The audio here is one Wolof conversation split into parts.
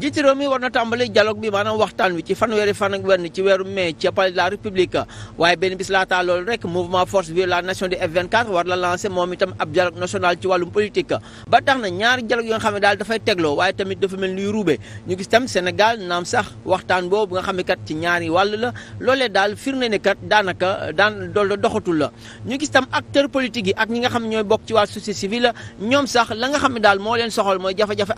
njiiti réew mi war na tàmbali dialogue bi maanaam waxtaan wi ci fanweeri fan ak ci weeru mai ci palais de la république waaye benn bis laataa loolu rek mouvement force vive la nation du f war la lancé moom itam ab dialogue national ci wàllum politique ba tax na ñaari dialogue yoo nga xam ne daal dafay tegloo waaye tamit dafa mel ni ruube ñu gis tam Sénégal naam sax waxtaan boobu nga xam ne kat ci ñaari wàll la loolee daal firnde ne kat daanaka daan dool doxatul la ñu gis tam acteur politique yi ak ñi nga xam ñooy bokk ci waa société civile ñoom sax la nga xam ne daal moo leen soxal mooy jafe-jafe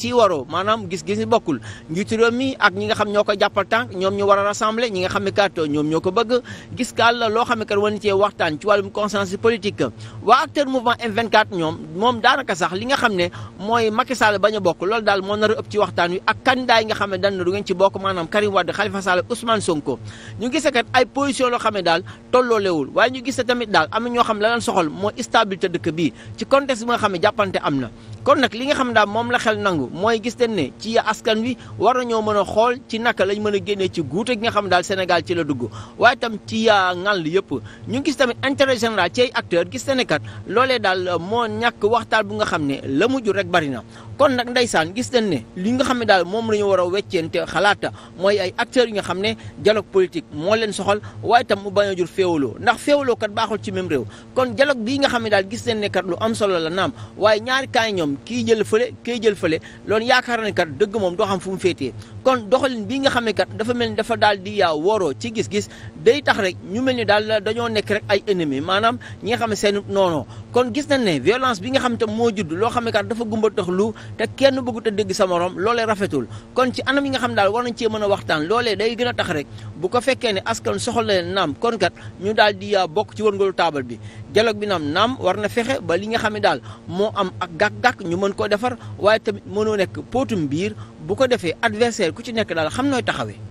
wi ci waroo maanaam gis-gis yi bokkul njiitu réew ak ñi nga xam ñoo ko jàppal tànk ñoom ñu war a rassembler ñi nga xam ne kat ñoom ñoo ko bëgg gis kaal la loo xam ne kat wan cee waxtaan ci wàllum conscience politique waa acteur mouvement m ñoom moom daanaka sax li nga xam ne mooy Macky Sall bañ bokk lool daal moo nar a ëpp ci waxtaan wi ak candidat yi nga xam ne dañ na du ci bokk maanaam Karim Wade Khalifa Sall Ousmane Sonko ñu gisee kat ay position loo xam ne daal tolloolewul waaye ñu gisee tamit daal am na ñoo xam ne la leen soxal mooy stabilité dëkk bii ci contexte bi nga xam ne am na kon nag li nga xam daal moom la xel nangu mooy gis nañ ne ci askan wi war nañoo mën a xool ci naka lañ mën a génnee ci guute gi nga xam daal Sénégal ci la dugg waaye tam ci euh, ngàll yëpp ñu gis tamit intérêt général ci ay gis nañ loolee daal euh, moo ñàkk waxtaan bu nga xam ne la mujj rek bari na. kon nag ndeysaan gis nañ ne li nga xam ne daal moom la ñu war a wecceente xalaata mooy ay acteurs yi nga xam ne dialogue politique moo leen soxal waaye tam mu bañ a jur féewaloo ndax féewaloo kat baaxul ci même réew kon dialogue bii nga xam ne daal gis nañ ne kat lu am solo la naam waaye ñaari kaay ñoom kii jël fële kii jël fële loolu yaakaar ne kat dëgg moom doo xam fu mu féetee kon doxalin bi nga xam ne kat dafa mel ni dafa daal di yaa wooroo ci gis-gis day tax rek ñu mel ni daal dañoo nekk rek ay ennemis maanaam ñi nga xam ne seen noonoo kon gis nañ ne violence bi nga xam te moo judd loo xam ne kat dafa gumba tax lu te kenn bëggut te dëgg sa morom loolee rafetul kon ci anam yi nga xam daal war nañ cee mën a waxtaan loolee day gën a tax rek bu ko fekkee ne askan soxal na naam kon kat ñu daal di uh, bokk ci wërngalu taabal bi dialogue bi naam naam war na fexe ba li nga xam ne daal moo am ak gàkk-gàkk ñu mën koo defar waaye tamit mënoo nekk póotum biir bu ko defee adversaire ku ci nekk daal xam nooy taxawee